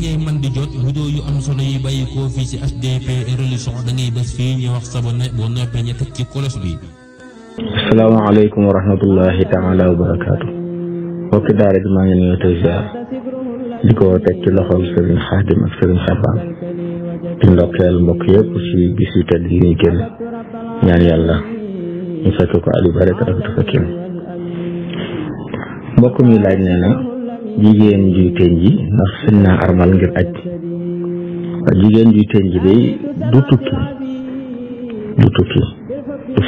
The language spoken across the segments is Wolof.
ngay man di jot vidéo yu am solo yi bàyyi koo fii ci HDP religion da ngay bés fii ñu wax sabone boo noppee ñu teg ci kolos bi asalaamaaleykum wa rahmatullahi taala wa barakaatu mbokki daara ji maa ya. ngi nuyu tey ziar di ko teg ci loxol sëriñ xaadim ak sëriñ xabaan di ndokkeel mbokk yëpp ci bis yu tedd yi ñuy ñaan yàlla ñu fekk ko ali bare rafet mbokk mi laaj nee na jigéen juy tëñ ji ndax sëñ naa armal ngir aj jigéen juy tëñ ji day du du tukki du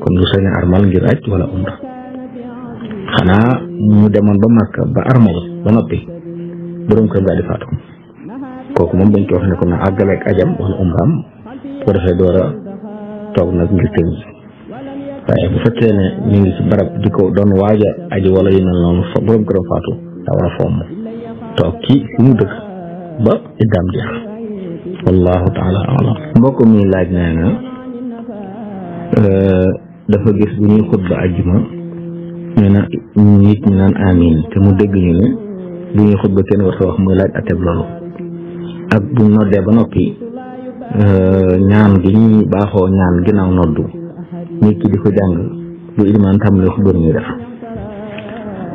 kon du sañ a armal ngir aj wala umra xanaa mu demoon ba màkk ba armal ba noppi borom kër daal di faatu kooku moom dañ ko wax ne ko na àggaleeg ajam wala umraam ko defee dora a toog nag ngir tëñ waaye bu fekkee ne ñu ngi ci barab di ko doon waaja aji wala yu mel noonu fa borom këram faatu daa war a toog ci fi mu dëkk ba iddaam jeex wallahu taala alam mbokk mi laaj nee na euh, dafa gis bu ñuy xutba ajjuma ñu na nit ñi naan amin te mu dégg ñu ne bu ñuy xutba kenn wax muy laaj ateb loolu ak bu noddee ba noppi euh, ñaan gi ñuy baaxoo ñaan ginnaaw noddu nit ki di ko jàng bu ilimaan tàmbalee xutba ñuy def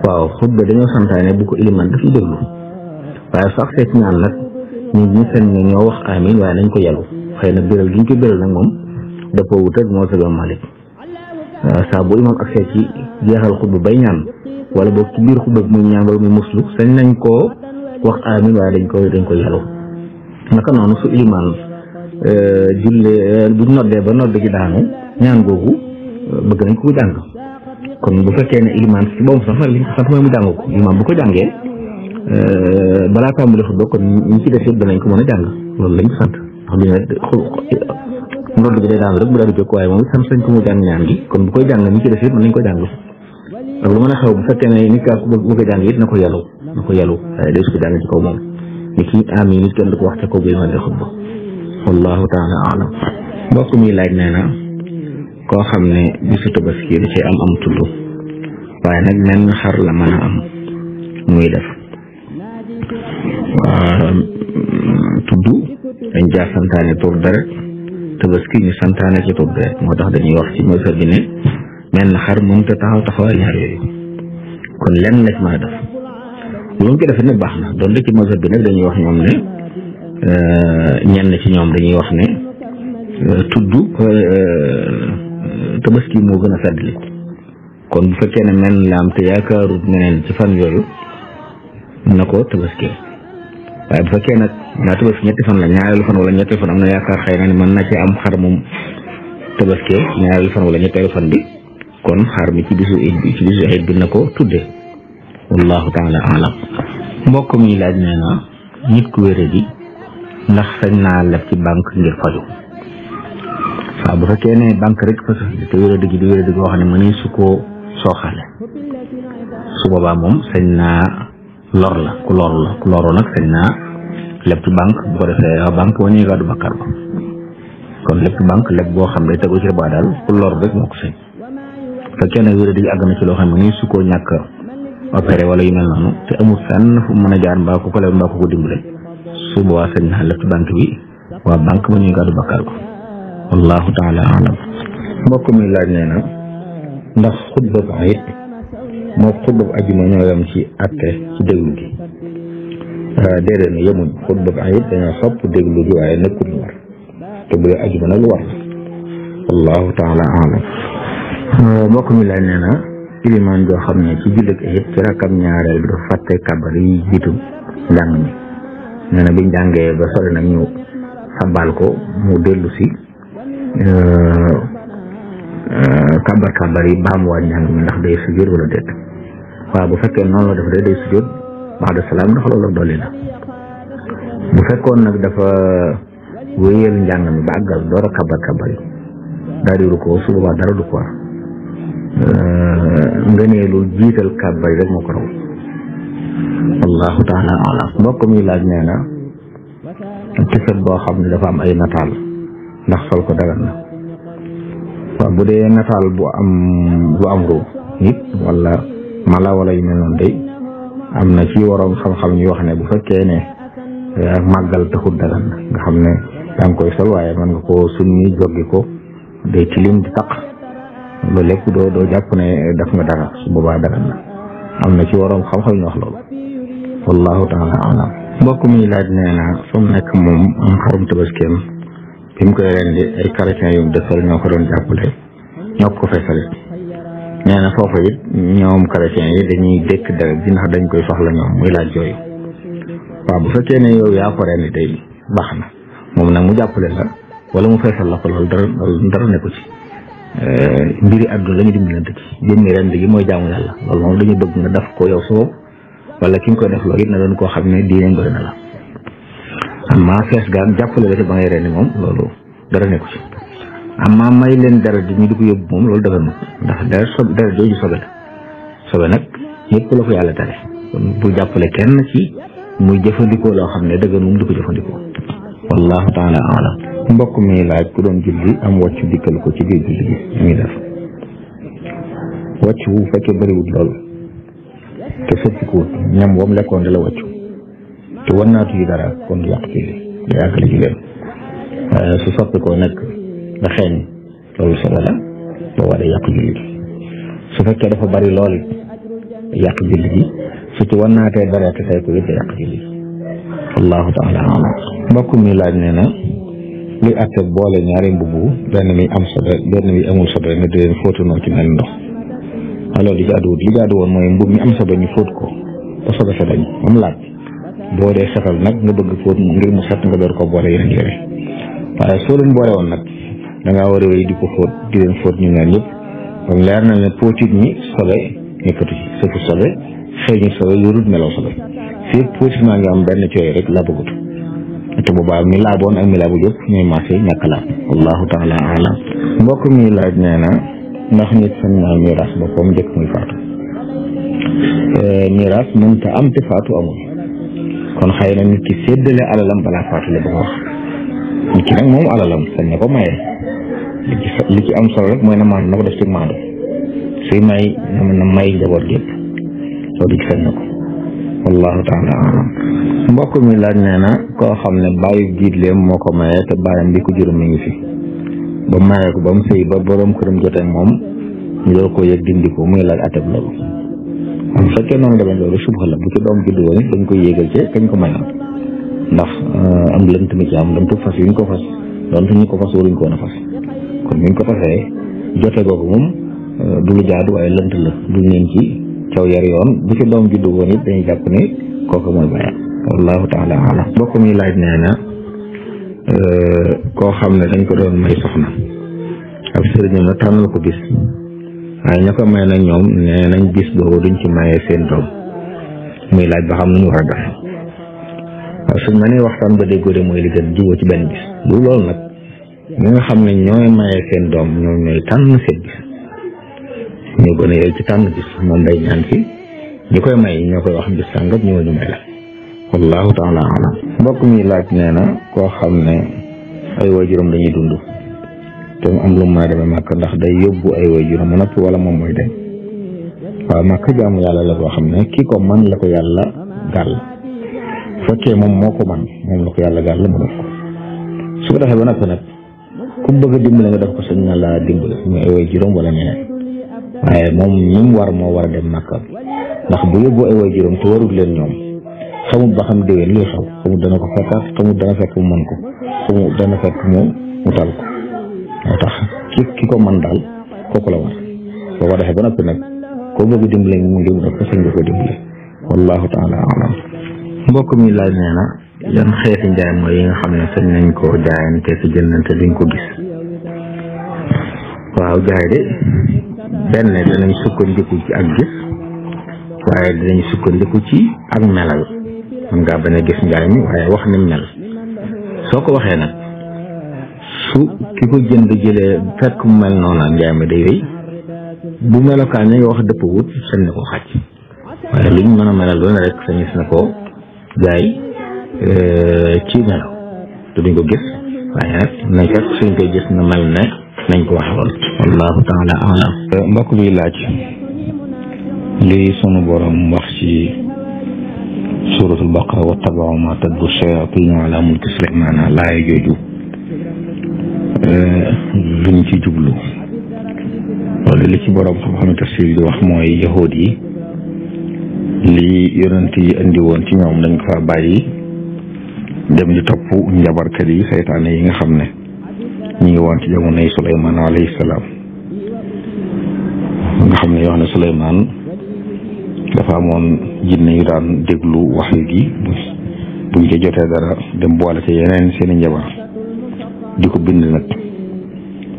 waaw xutba dañoo santaane bu ko ilimaan dafay déglu waaye sax fekk ñaan nag nit ñi seen waaye nañ ko yàllu xëy na biral gi ko biral nag moom dëppoo wut ak moo sëgam Malik saa bu imaam ak seet ñaan wala boog ci biir bi muy ñaan wala muy muslu nañ koo wax amin waaye dañ koy dañ ko yàllu naka noonu su ilimaan euh, jullee euh, bu noddee ba nodd gi daanu ñaan googu euh, bëgg nañ ko jàng kon bu fekkee ne ilimaan si boobu sax li ñu ko sant mooy mu jàng ko bu ko jàngee euh, balaa tàmbali xutba kon ñu ko mën a jàng loolu lañ ko sant ndax duñu ne xu ndodd gi day daanu moom sant nañ ko mu jàng ñaan gi kon bu koy jàng ñu ci def yëpp mën nañ ko jàng ak lu mën a xew bu jàng it na ko yàllu na ko yàllu waaye day su ko jàng ci kaw moom ni ki amiin it kenn du ko wax ca kaw bi mën di xutba a taala alam mbokk mi laaj nee koo xam ne bisu tabaski da ci am am tudd def waa tudd dañ jaar santaane tur deret santaane ci moo tax dañuy wax ci mësa bi ne ko defe ne baax bi nag dañuy wax ñoom ne euh, ñenn ci ñoom dañuy wax ne euh, tudd euh, tabaski moo gën a fàttali kon bu fekkee ne men la am te yaakaarut meneen ci fan yooyu na ko tabaski waaye bu fekkee nag naa tabaski ñetti fan la ñaareelu fan wala ñetti fan am na yaakaar xëy na ne man na ci am xar moom tabaski ñaareelu fan wala ñetteelu fan bi kon xar mi ci bisu iid bi na ko tudde wallahu taala alam mbokk mi laaj nee na nit ku wére ndax sañ naa leb ci banque ngir faju bu fekkee bank banque rek fa te wëra dëgg di wéra dëgg wax ne mëne su ko sooxale su na lor la ku lor la ku loro nak sañ naa leb ci banque bu ko defé waa ah, banque wañee gàddu bakkar ba kon lepp bank lepp bo xamné xam ne ci ba dal ku lor rek moko señ fa kene wëra wéra agna ci lo xamné mëne su opéré wala yu mel nonu te amu fenn fu mëna jaar mbaa ko ko leb ku ko dimbulé su boobaa wa naa leb ci bi wa bank woni gadu bakkar ba wallahu taala alam mbokk mi laaj nee ndax xutba ba it moo xutba bu ajjuma ñoo yem ci atte ci déglu gi euh, déedéet na yemuñ xutba ba it dañoo sopp déglu gi waaye nekkul lu war te bu dee ajjuma nag lu war la wallahu taala alam euh, mi laaj nee na ilimaan joo xam ne ci jullit ayit ci rakkam njàng mi nee na biñ ba sore nag ñu sabal ko mu dellusi Euh, kàbbar kàbbar yi baamuwaat ñaan mi ndax day sujjóot wala déet waaw bu fekkee noonu la dafa day day sujjóot ba'da salaam ndax la bu fekkoon nag dafa wéyal ba àggal a dara du ko war euh, nga ne lu jiital moo ko raw taala alam mbokk mi laaj nee na ci set boo xam ne dafa am ay nataal ndax sol ko dagan na waaw bu dee nataal bu am bu nit wala mala wala yu mel noonu day am na ci waroom xam-xam ñu wax ne bu fekkee ne ak eh, màggal taxut dagan na nga xam ne da koy sol waaye mën nga koo sunni joggi ko day tilim di taq loolu lépp doo doo jàpp ne daf nga dara su boobaa na am na ci waroom xam-xam ñu wax loolu wallahu taala alam mbokk mi laaj nee na nekk moom am xarum tabaskeem bi mu koy rendi ay chrétiens yu mu dëkkal ñoo ko doon jàppale ñoo ko feesal it nee yit ñoom chrétiens yi dañuy dëkk deret bi ndax dañ koy soxla ñoom muy laaj yooyu waaw bu fekkee ne yow yaa ko baax na moom nag mu jàppale la wala mu feesal la ko loolu dara ne ko ci eh, mbiri àdduna la ñu dimbalante ci jëmmi rend mooy jaamu yàlla loolu moom dañu nga def ko yow sa bopp ki nga koy def loolu it doon koo xam ne diine ngori la amma fees gaag jàppale la ci ba ngay reeni moom loolu dara nekku ci amma may leen dara di ñu di yóbbu moom loolu dafa ndax dara so dara nag ñëpp la ko yàlla tere bu jàppale kenn ci muy jëfandikoo loo xam ne dëgg moom di ko jëfandikoo wallahu taala alam mbokk mi laaj ku doon julli am wàccu dikkal ko ci biir julli gi muy def wàccu bu fekkee lool te soppikuwut ñam wam lekkoon da la wàccu te war naa tuuti dara kon du yàq ci du yàq li ci waaye euh, su soppi ko nag nga xeeñ loolu solo la boobaa day yàq julli gi su fekkee dafa bari lool yàq julli gi su ci war naa tee dara te ko it yàq julli gi allahu taala alam mbokk mi laaj nee na luy àtte boole ñaari mbubu benn mi am sobe benn mi amul sobe nga di leen fóotanoo ci mel ndox alors li jaadu li jaadu woon mooy mbub mi am sobe ñu fóot ko ba sobe sa moom laaj boo dee setal nag nga bëgg ko ngir mu set nga door ko boole yeneen yére waaye soo leen boole woon nag dangaa war a di ko xóot di leen xóot ñu naan yëpp kon leer na ne potit ñi sobe nekkatu ci sëfu sobe xëy ñu maa ngi am benn cooy rek la bëggut te boobaa mi laaboon ak mi laabu yëpp ñooy marché ñàkk laab wallahu taala alam mbokk mi laaj nee na ndax nit sañ naa miiras boppam njëkk muy faatu eh, miiras mënta am te faatu amul kon xëy na nit ki séddale alalam balaa faatu la bëgg wax nit ki moom alalam sañ na ko maye li am solo rek mooy na maandu na ko def ci maandu suy may na may njaboot gépp loolu ci sañ na ko wallahu taala alam mbokk mi laaj nee na koo xam ne bàyyi giitleem moo ko maye te bàyyam bi ko juróom mi ngi fi ba maye ko ba mu sëy ba borom këram jotee moom ñu doon ko yëg muy laaj atab loolu bu fekkee noonu la demee loolu suba la bu ci doom juddu woon it dañ koy yéegal ci kañ ko mayoon ndax euh, am lënt mi ci am lëntu fas yuñ ko fas donte ñu ko fas waruñ ko woon a fas kon buñ ko fasee jote googu moom euh, du lu jaadu waaye lënt la du neen ci caw yar yoon bu ci doom juddu woon it dañuy jàpp ne kooku mooy bàyyi wallahu taala ala bokk mi laaj nee na euh, koo xam ne dañ ko doon may soxna ab sëriñam la ko bis waaye ña ko may nag ñoom nee nañ bis boobu duñ ci mayee seen doom muy laaj ba xam nu ñu war a def waaw suñ ma nee waxtaan ba déggoo de mooy li gën ci benn bis bu loolu nag ñi nga xam ne ñooy mayee seen doom ñoom ñooy tànn seen bis ñu gën a yooyu ci tànn bis moom day ñaan si ñi koy may ñoo koy wax bis sàngam ñëw ñu may la wallahu taala alam mbokk mi laaj nee na koo xam ne ay waajuram dañuy dund te mu am lu mën a demee màkk ndax day yóbbu ay waajuram mu noppi wala moom mooy dem waaw màkk jaamu yàlla la boo xam ne kii ko man la ko yàlla gàll bu fekkee moom moo ko man moom la yàlla gàll mu def ko su ko defee ba noppi nag ku bëgg dimb dimbale nga def ko sañ na laa dimbale muy ay waajuram wala ñeneen waaye moom mi mu war moo war a dem màkk ndax bu yóbbu ay waajuram te warul leen ñoom xamut ba xam déwén luy xaw xamut dana ko fekkaat xamut dana fekk mu mën ko xamut dana fekk mu mu moo tax ki ki ko man daal kooku la war boo ko defee ba noppi nag koo bëgg dimbale mu ngi def ko sañ nga ko dimbale wallahu taala alam mbokk mi laaj nee na yan xeeti njaay mooy yi nga xam ne sañ nañ ko koo jaayante ci jëndante duñ ko gis waaw jaay de benn danañ sukkandiku ci ak gis waaye danañ sukkandiku ci ak melal mën ngaa bañ a gis njaay mi waaye wax ni mel soo ko waxee nag surtout ki ko jënd jëlee fekk mu mel noonu njaay ma day rëy bu melokaan yi nga wax dëpp wut sañ na ko xaj waaye luñ mën a melal doon rek sañ gis na ko jaay euh, ci melo te duñ ko gis waaye nag nañ fekk suñ koy gis na mel ne nañ ko wax woon wallahu taala alam euh, mbokk bi laaj li sunu borom wax ci suratul baqara wa ma tadbu shayaatinu ala mulki suleymaana laaya jooju Euh, luñ ci jublu wala li ci boroom xam-xam tafsir di wax mooy yahood yi li yonent yi indi woon ci ñoom dañ ko fa bàyyi dem di topp njabarkat yi seytaane yi nga xam ne ñu ngi woon ci jamonoy Suleymaan alayhi salaam nga xam ne yoo xam ne dafa amoon jinne yu daan déglu wax yu gi buñ ci jotee dara dem boole ci yeneen seeni njabar di ko bind nak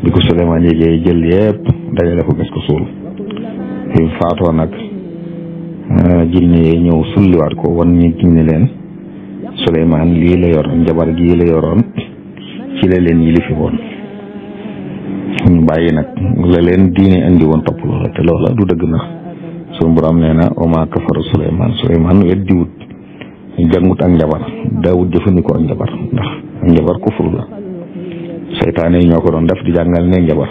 di ko ye yéegee jël yépp dajale ko gis ko sul fi faato nak nag ah, jinne yee ñëw ko wan ñi jinne len Suleymaan li la yor njabar gi la yoron ci la li fi won ñu bàyyi nak la len diine andi won top loola te du dëgg na oma kafaru Suleymaan yeddi wut jangut ak njabar daawut ko ak jabar ndax jabar kufur la seytaane yi ñoo ko doon def di jàngal ne njabar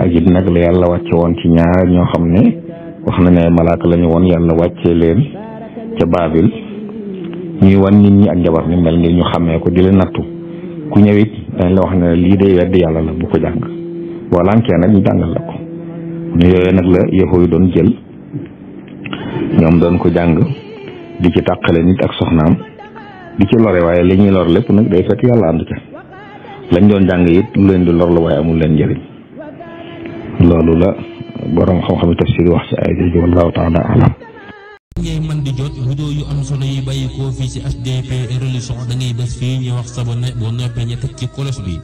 ak it nag la yàlla wàcce woon ci ñaar ñoo xam ne wax na ne malaaka la ñu woon yàlla wàccee leen ca baabil ñuy wan nit ñi ak njabar ni mel ngir ñu xàmmee ko di leen nattu ku ñëwit dañ la wax ne lii day wedd yàlla la bu ko jàng boo lànkee nag ñu jàngal la ko ñu yooyu nag la yëfoo yu doon jël ñoom doon ko jàng di ci tàqale nit ak soxnaam di ci lore waaye li ñuy lor lépp nag day fekk yàlla ànd lañ doon jàng it lu leen di lor la waaye amul leen njëriñ loolu la borom xam-xam tafsir wax ci ay jooju wallahu taala alam ngay mën di jot vidéo yu am solo yi bay koo ci HDP religion da ngay bés fii ñu wax sabonné boo noppee ñu ci cloche bi